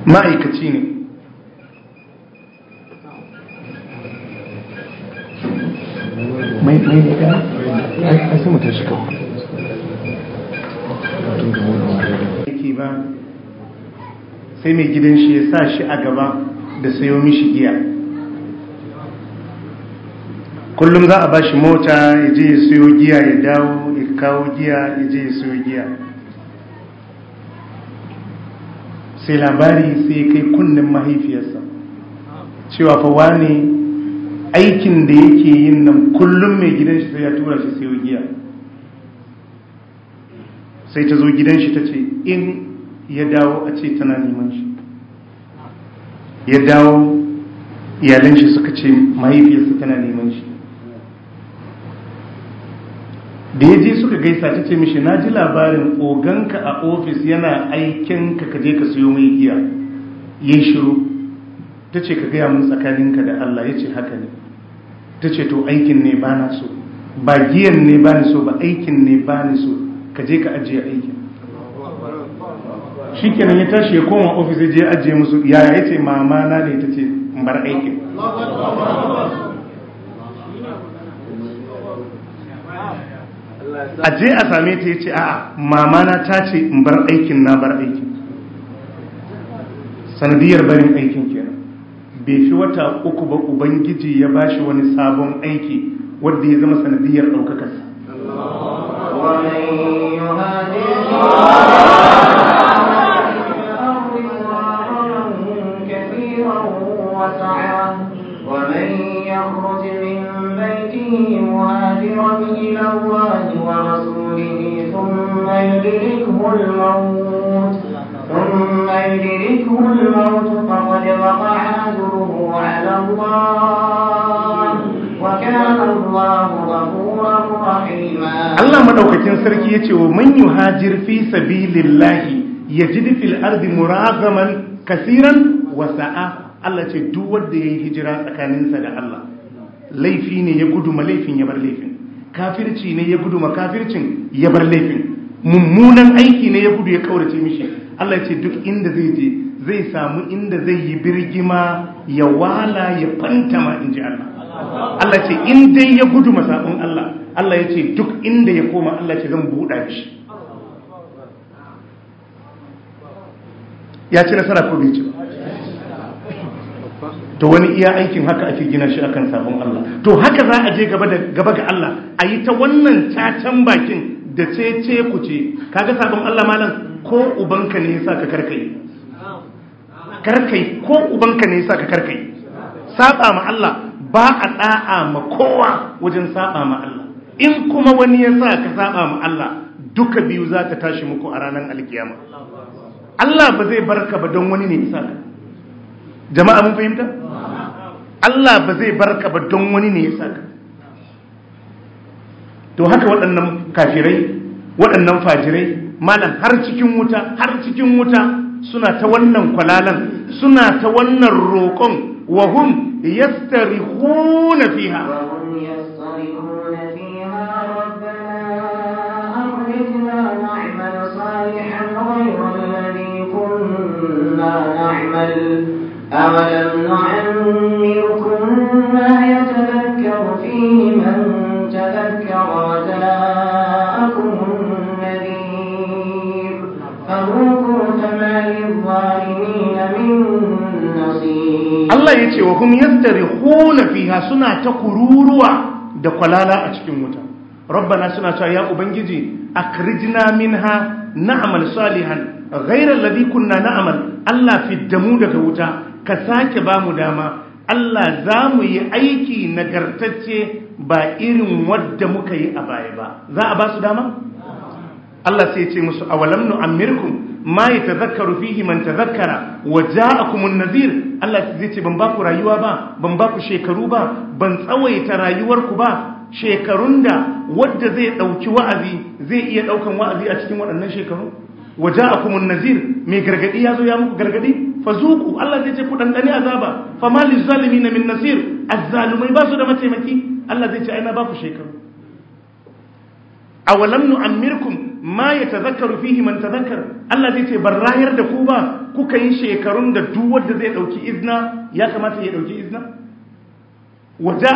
ma'aikaci ne mai mai ne ai sai kawai yake ba sai mai gidan shi ya sa shi a gaba da sayo mishi giya kullum za a ba shi mota ya je ya sayo giya ya dawo ya kawo giya ya je ya sayo giya sai labari sai kai kunnen mahaifiyarsa cewa fawa ne aikin da yake yin nan kullum mai gidan shi sai ya tura shi sayo giya sai ta zo gidan shi ta ce in ya dawo a ce tana neman shi ya dawo iyalan shi suka ce mahaifiyarsa tana neman shi da ya je suka gaisa ta ce mishi na ji labarin oganka a ofis yana aikin ka kaje ka siyo mai giya ya shiru ta ce ka gaya mun tsakaninka da Allah ya ce haka ne ta ce to aikin ne ba na so ba giyan ne ba ni so ba aikin ne ba ni so ka je ka ajiye aikin shikenan ya tashi ya koma ofis ya je ajiye musu yaya ya ce mama na ne ta ce bar aikin a je a same ta ya ce a'a mama na ta ce in bar aikin na bar aikin sanadiyar barin aikin kenan bai fi wata uku ba ubangiji ya bashi wani sabon aiki wadda ya zama sanadiyar ɗaukakarsa دينه مهاجرا إلى الله ورسوله ثم يدركه الموت ثم يدركه الموت فقد وقع أجره على الله Allah madaukakin sarki ya ce wa man yuhajir fi sabilillahi yajid fil ardi muragaman kasiran wa sa'a Allah ce duk wanda yayi hijira tsakaninsa da Allah laifi ne ya gudu ma laifin ya bar laifin kafirci ne ya gudu ma kafircin ya bar laifin mummunan aiki ne ya gudu ya kaurace mishi Allah ce duk inda zai je zai samu inda zai yi birgima ya wala ya fantama in ji Allah Allah ce in dai ya gudu ma sabon Allah Allah ya ce duk inda ya koma Allah ce zan buɗa shi ya ci nasara ko bai ci ba to wani iya aikin haka ake gina shi akan sabon Allah to haka za a je gaba gaba ga Allah a yi ta wannan cacan bakin da ce ce ku ce kaga sabon Allah malam ko ubanka ne yasa ka karkai karkai ko ubanka ne yasa ka karkai saba ma Allah ba a da'a ma kowa wajen saba ma Allah in kuma wani yasa ka saba ma Allah duka biyu za ta tashi muku a ranar alkiyama Allah ba zai barka ba don wani ne yasa jama'a mun fahimta Allah ba zai barka ba don wani ne ya saka to haka waɗannan kafirai waɗannan fajirai malam har cikin wuta har cikin wuta suna ta wannan kwalalan suna ta wannan roƙon wa hum yastarihuna fiha نعمل أولم نعمركم ما يتذكر فيه من تذكر وجاءكم النذير فذوقوا فما للظالمين من نصير الله يتي وهم يسترخون فيها سنة تقروروا da kwalala a cikin wuta rabbana suna cewa ya ubangiji akrijna minha na'mal salihan ghayra alladhi kunna na'mal Allah fiddamu daga wuta ka sake ba mu dama Allah za mu yi aiki nagartacce ba irin wadda muka yi a baya ba za a ba su dama? Allah sai ce musu awalam nu'ammirkum ma yatazakkaru fihi man tazakkara wa ja'akumun Nazir. Allah sai ce ban ba ku rayuwa ba ban ba ku shekaru ba ban tsawaita rayuwarku ba shekarun da wadda zai ɗauki wa'azi zai iya ɗaukan wa'azi a cikin waɗannan shekaru akumun nazir mai gargadi yazo ya muku gargadi fazuku Allah zai ce ku dandane azaba famal lizalimin min nasir azzalumai ba su da mataimaki Allah zai ce ai na ba ku shekaru awalam nu'ammirkum ma yatadhakkaru fihi man tadhakkar Allah zai ce ban rayar da ku ba kuka yi shekarun da duk wanda zai dauki izna ya kamata ya dauki izna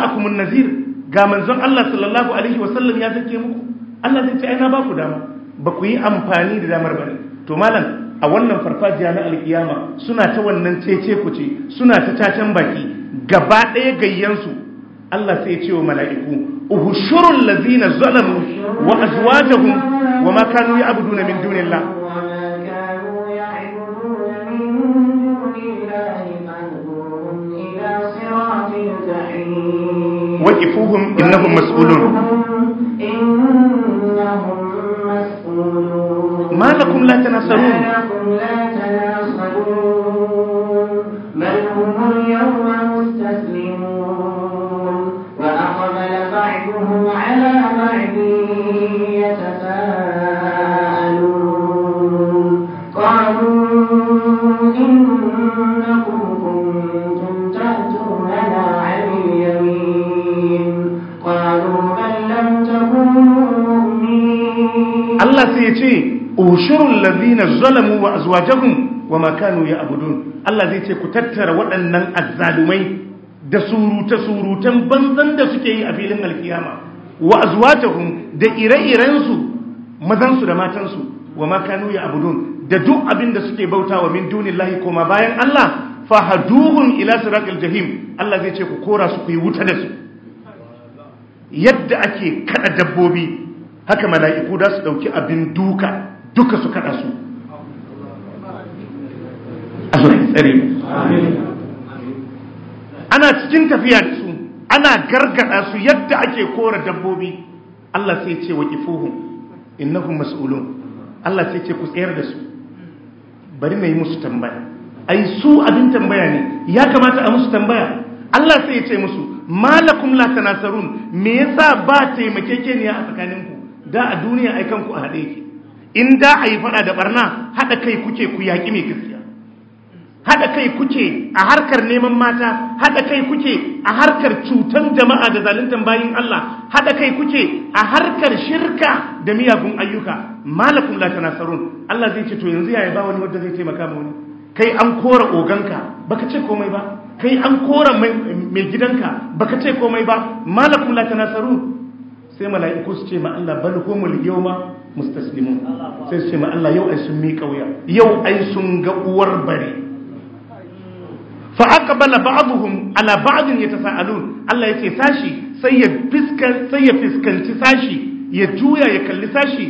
akumun nazir ga manzon Allah sallallahu alaihi wasallam ya sake muku Allah zai ce ai na ba ku dama ba ku yi amfani da damar bane to malam a wannan farfajiya na alkiyama suna ta wannan cece ce, suna ta cacen baki gaba ɗaya gayyansu Allah sai ce wa mala'iku uhushurul ladina zalamu wa azwajuhum wa ma kanu ya'buduna min dunillah waqifuhum innahum mas'ulun لكم لا ما لكم لا تناصرون بل هم اليوم مستسلمون وأقبل بعضهم على بعض قالوا إنكم كنتم تأتوننا عن اليمين قالوا بل لم تكونوا مؤمنين الله ushurul ladina zalamu wa azwajahum wa ma ya abudun. Allah zai ce ku tattara waɗannan azzalumai da surute surutan banzan da suke yi a filin alkiyama wa azwajahum da ire-iren su mazan su da matan su wa ma ya abudun. da duk abin da suke bautawa min lahi, koma bayan Allah fahaduhun ila siratil jahim Allah zai ce ku kora su ku yi wuta da su yadda ake kada dabbobi haka mala'iku da su dauki abin duka duka su kada su ana cikin tafiya da su ana gargada su yadda ake kora dabbobi Allah sai ce wa kifuhu innahum mas'ulun Allah sai ce ku tsayar da su bari na musu tambaya ai su abin tambaya ne ya kamata a musu tambaya Allah sai ya ce musu malakum la tanasarun me yasa ba taimakekeniya a tsakaninku da a duniya ai kanku a haɗe yake in da a yi fada da ɓarna, haɗa kai kuke ku yaƙi mai gaskiya haɗa kai kuke a harkar neman mata haɗa kai kuke a harkar cutar jama'a da zaluntan bayin Allah haɗa kai kuke a harkar shirka da miyagun ayyuka malakum la tanasarun Allah zai ce to yanzu yaya ba wani wanda zai taimaka ma wani kai an kora oganka baka ce komai ba kai an kora mai gidanka baka ce komai ba malakum la tanasarun sai mala'iku su ce ma Allah bal humul yawma mustaslimun sai su ce ma Allah yau ai sun miƙa wuya yau ai sun ga uwar bare fa aqbala ba'dhum ala ba'd yatasaalun Allah yake sashi sai ya fiskar sai ya fiskanci sashi ya juya ya kalli sashi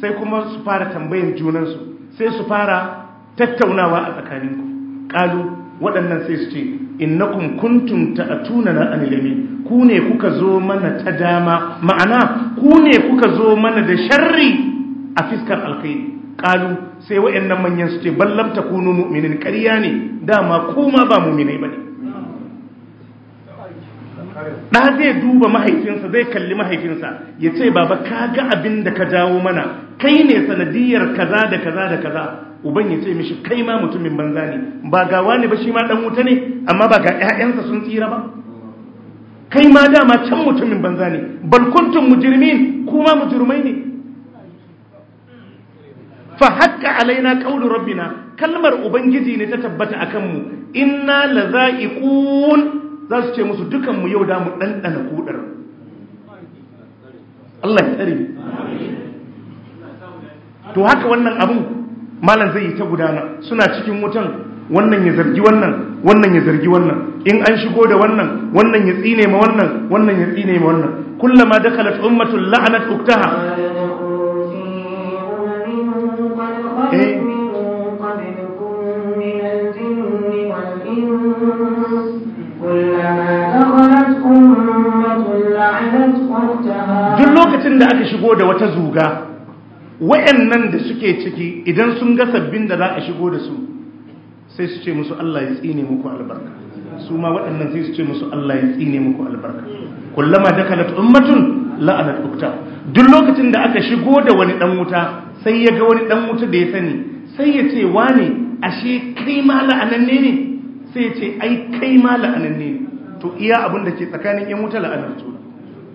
sai kuma su fara tambayan junansu sai su fara tattaunawa a tsakaninku Ƙalu. waɗannan sai su ce innakum kuntum ta'tunana anil yamin ku ne kuka zo mana ta dama ma'ana ku ne kuka zo mana da sharri a fiskar alkhairi kalu sai waɗannan manyan su ce ballam takunu mu'minin ƙarya ne dama kuma ba mu'minai bane da zai duba mahaifinsa zai kalli mahaifinsa ya ce baba ka ga abin da ka jawo mana kai ne sanadiyar kaza da kaza da kaza uban ya ce mishi kai ma mutumin banza ne ba gawa ne ba shi ma dan wuta ne amma ba ga ƴaƴansa sun tsira ba kai ma dama can mutumin banza ne balkuntun mujirmin kuma mujirmai ne fa haƙƙa alaina ƙaunar rabbina kalmar ubangiji ne ta tabbata a kanmu inna la za'iqun za su ce musu dukanmu yau damu ɗanɗana kuɗar Allah ya tsare to haka wannan abun malam zai yi ta gudana suna cikin wutan wannan ya zargi wannan wannan ya zargi wannan in an shigo da wannan wannan ya tsine ma wannan wannan ya tsine ma wannan kullama dakalat ummatun la'anat uktaha eh. duk lokacin da aka shigo da wata zuga wayannan da suke ciki idan sun ga sabbin da za a shigo da su sai su ce musu Allah ya tsine muku albarka su ma waɗannan sai su ce musu Allah ya tsine muku albarka kullama dakalat ummatun la'anat ukta duk lokacin da aka shigo da wani dan wuta sai ya ga wani dan wuta da ya sani sai ya ce wane ashe kai ma la'ananne ne sai ya ce ai kai ma la'ananne ne to iya abin da ke tsakanin yan wuta la'anar juna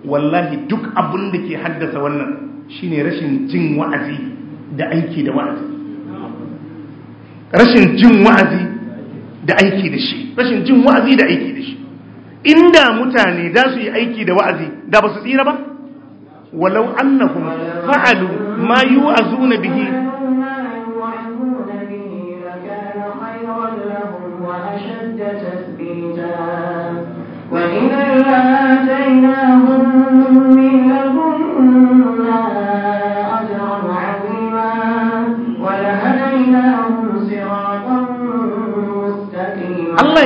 wallahi duk abin da ke haddasa wannan shine rashin jin wa'azi da aiki da wa'azi rashin jin wa'azi da aiki da shi rashin jin wa'azi da aiki da shi inda mutane za su yi aiki da wa'azi da ba su tsira ba walau annahum fa'alu ma yu'azuna bihi وإذا لآتيناهم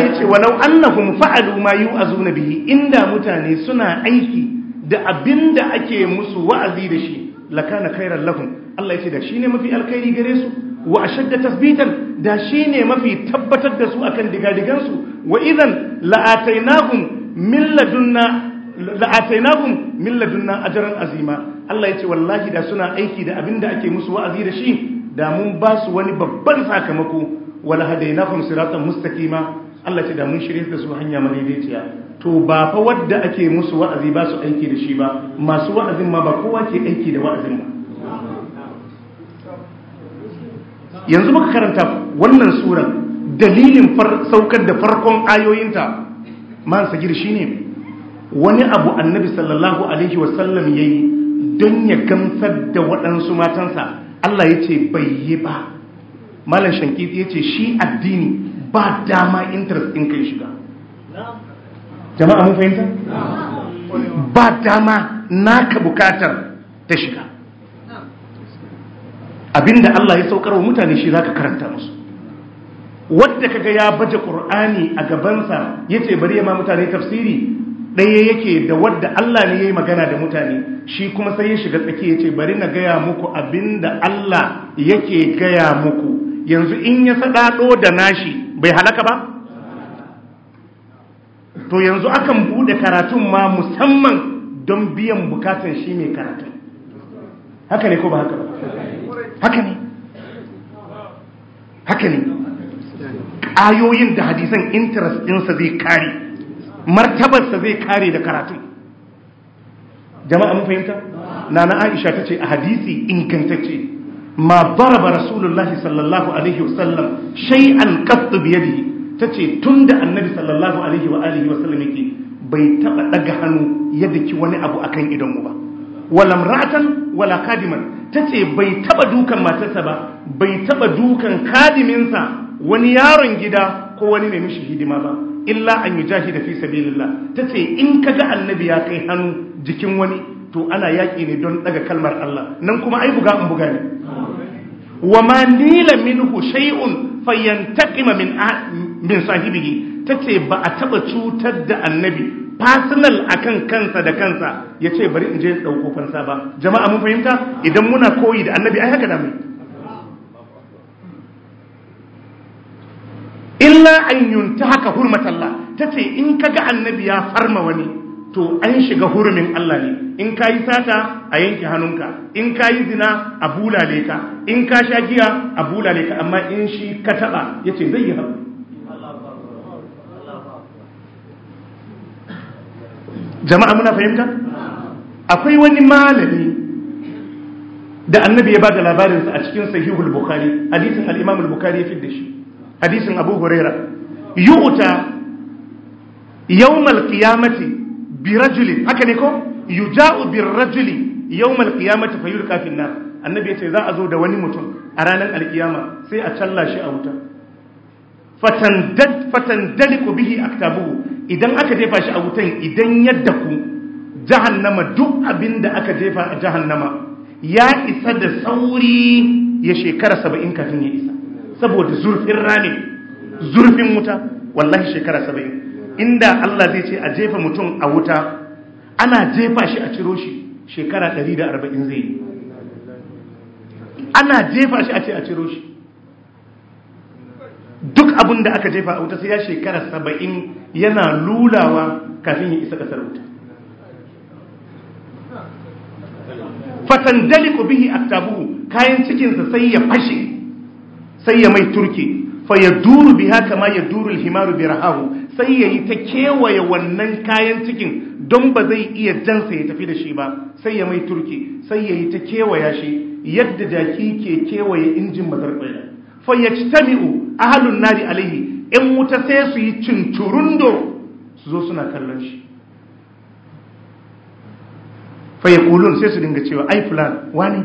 ya ce walau annahum fa'alu ma yu'azuna bihi inda mutane suna aiki da abinda ake musu wa'azi da shi lakana khairan lahum Allah ya ce da shine mafi alkhairi gare su wa ashadda tasbitan da shine mafi tabbatar da su akan digadigan su wa idan la'atainahum min ladunna la'atainahum min ladunna ajran azima Allah ya ce wallahi da suna aiki da abinda ake musu wa'azi da shi da mun ba su wani babban sakamako wala hadainahum siratan mustaqima Allah ce da mun shirye da su hanya madaidaiciya to ba fa wadda ake musu wa'azi ba su aiki da shi ba masu wa'azin ma ba kowa ke aiki da wa'azin ba yanzu muka karanta wannan suran dalilin saukar da farkon ayoyinta man sagir shine wani abu annabi sallallahu alaihi wasallam yayi don ya gamsar da waɗansu matansa Allah yace ce bai yi ba malam shankiti yace shi addini ba dama interest in kai shiga jama'a mun fahimta ba dama naka bukatar ta shiga abinda Allah ya saukar wa mutane shi zaka karanta musu wanda kaga ya baje Qur'ani a gabansa yace bari ya ma mutane tafsiri ɗaya yake da wadda Allah ne ya yi magana da mutane shi kuma sai ya shiga tsaki yace bari na gaya muku abinda Allah yake gaya muku yanzu in ya saɗaɗo da nashi bai halaka ba to yanzu akan bude karatun ma musamman don biyan bukatun shi mai karatun haka ne ko ba haka ba haka ne haka ne ayoyin da hadisan interest ɗinsa zai kare martabarsa zai kare da karatun jama'a mun fahimta nana aisha ta ce a hadisi ingantacce Mabaraba baraba rasulullahi sallallahu alaihi wasallam shay'an qattu bi yadihi tace tunda annabi sallallahu alaihi wa alihi yake bai taba ɗaga hannu ya daki wani abu akan idan mu ba wala ra'atan wala kadiman tace bai taɓa dukan matarsa ba bai taɓa dukan kadiminsa wani yaron gida ko wani mai mishi hidima ba illa an yujahida fi sabilillah tace in kaga annabi ya kai hannu jikin wani to ana yaƙi ne don daga kalmar Allah nan kuma ai buga in buga ne wa ma nila minhu shay'un fayantaqima min min sahibihi tace ba a taba cutar da annabi personal akan kansa da kansa yace bari in je dauko fansa ba jama'a mun fahimta idan muna koyi da annabi ai haka da mu illa an yuntaka haka hurmatallah tace in kaga annabi ya farma wani to an shiga hurumin Allah ne in ka yi sata a yanke hannunka in ka yi zina a bulale ka in ka sha giya a bulale ka amma in shi ka taɓa ya ce zai yi haɓu jama'a muna fahimta akwai wani malami da annabi ya ba da labarinsa a cikin sahihul bukhari hadisin al bukari ya bukhari ya shi hadisin abu huraira yu'ta yawmal qiyamati birajulin haka ne ko yuja'u birajuli yawmal qiyamati fayulqa fil nar annabi yace za a zo da wani mutum a ranar alkiyama sai a challa shi a wuta fatandad fatandaliku bihi aktabuhu idan aka jefa shi a wutan idan yadda ku jahannama duk abinda aka jefa a jahannama ya isa da sauri ya shekara 70 kafin ya isa saboda zurfin rami zurfin wuta wallahi shekara 70 inda Allah zai ce a jefa mutum a wuta ana jefa shi a ciro shi shekara 140 zai ana jefa shi a ce a ciro shi duk abin da aka jefa a wuta sai ya shekara 70 yana lulawa kafin ya isa kasar wuta fatandaliku bihi aktabu kayan cikinsa sai ya fashe sai ya mai turke fa ya duru biha kama ya duru alhimaru bi rahahu sai ya yi ta kewaye wannan kayan cikin don ba zai iya jansa ya tafi da shi ba sai ya mai turki sai ya yi ta kewaya shi yadda jaki ke kewaye injin mazarɓaya fa ya ci tami'u a halin nari alaihi 'yan wuta sai su yi cinturundo su zo suna kallon shi fa ya kulun sai su dinga cewa ai fulan wani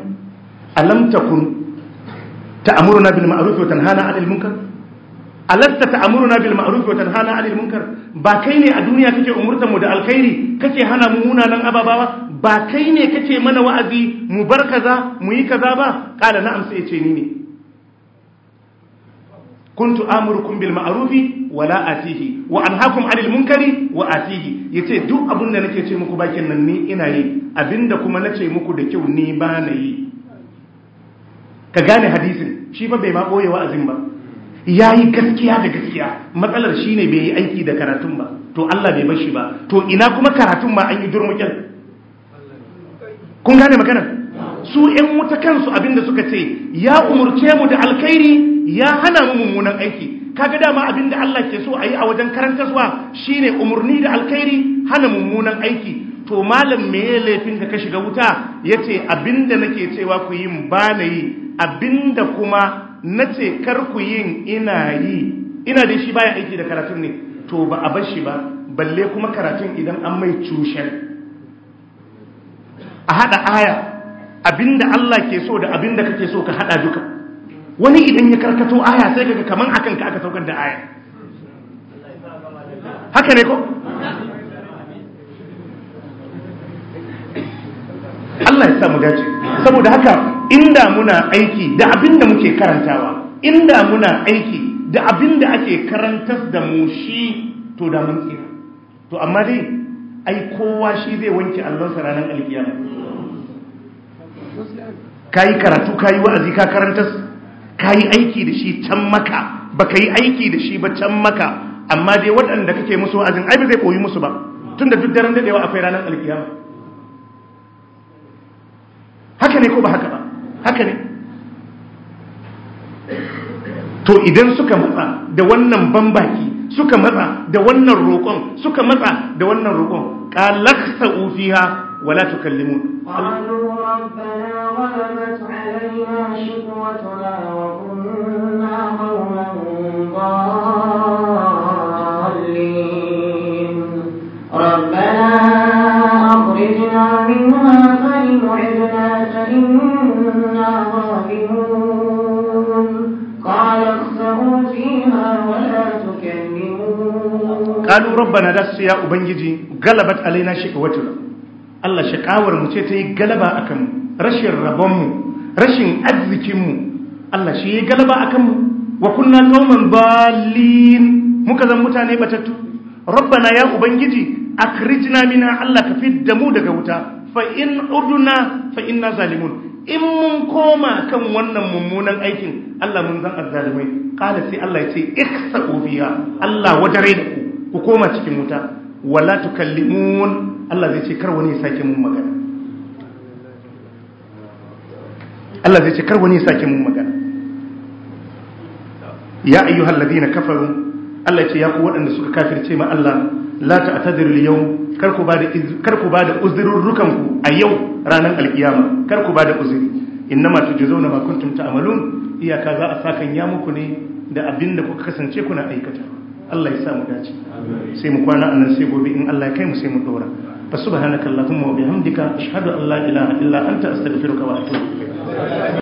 Alamta kun ta'muruna bil bin wa tanhana hana munkar alasta ta'muruna bil ma'ruf wa tanhana 'anil munkar ba kai ne a duniya kake umurtan mu da alkhairi kake hana mu munanan ababawa ba kai ne kake mana wa'azi mu bar kaza mu yi kaza ba na na'am sai ce ni ne kuntu amurukum bil ma'rufi wa la atihi wa anhaakum 'anil munkari wa atihi yace duk abin da nake ce muku bakin nan ni ina yi abinda kuma ce muku da kyau ni ba na yi ka gane hadisin shi ba bai ma boye wa'azin ba ya yi gaskiya da gaskiya matsalar shi ne bai yi aiki da karatun ba to Allah bai bashi ba to ina kuma karatun ma an yi durmukin kun gane maganar su ‘yan wuta kansu abinda suka ce ya umurce mu da alkhairi ya hana mu mummunan aiki kaga dama abinda Allah ke so a yi a wajen karantaswa ne umarni da alkhairi hana mummunan aiki to malam me ya laifin ka ka shiga wuta ya ce abinda nake cewa ku yi ba na yi abinda kuma na ce karku yin ina yi ina da shi baya aiki da karatun ne to ba a bashi ba balle kuma karatun idan an mai cushen a haɗa aya abinda Allah ke so da abinda kake so ka haɗa duka wani idan ya karkato aya sai kaga kaman akan ka aka saukar da aya haka ne ko Allah ya sa mu saboda haka inda muna aiki da abin da muke karantawa inda muna aiki da abin da ake karantar da mu shi to da mun tsira to amma dai ai kowa shi zai wanke sa ranar alkiyama kayi karatu kayi wa'azi ka karantar kayi aiki da shi can maka baka yi aiki da shi ba can maka amma dai waɗanda kake musu wa'azin ai ba zai koyi musu ba tunda duk daren dadewa akwai ranar alkiyama haka ne ko ba haka ba haka ne to idan suka matsa da wannan banbaki suka matsa da wannan roƙon suka matsa da wannan roƙon qalaqsa ufiha wala tukallimun ربنا أخرجنا منها فإن shiqwatuna wa فيها ظالمون قال اخسئوا ubangiji, galabat alaina قالوا ربنا دس يا أبنجي غلبت علينا شكوتنا الله شكاور متي غلبا أكم rashin ربهم أذكم Allah shi ya galaba a kanmu wa kunna qauman balin muka zan mutane batattu rabbana ya ubangiji akhrijna mina Allah ka fidda mu daga wuta fa'in in udna in mun koma kan wannan mummunan aikin Allah mun zan azzalumai kala sai Allah ya ce iksa ubiya Allah wadare da ku ku koma cikin wuta wala tukallimun Allah zai ce kar wani ya sake mun magana Allah zai ce kar wani ya sake mun magana ya ayyuhal ladina kafaru Allah ya ce ya ku waɗanda suka kafirce ma Allah la ta'tadiru al yau kar ku ba kar ku rukanku a yau ranar alkiyama kar ku ba bada uzuri innama na ma kuntum amalun iyaka za a sakan ya muku ne da abin da kuka kasance kuna aikata Allah ya sa mu dace sai mu kwana anan sai gobe in Allah ya kai mu sai mu dora fa subhanakallahumma wa bihamdika ashhadu an la ilaha illa anta astaghfiruka wa atubu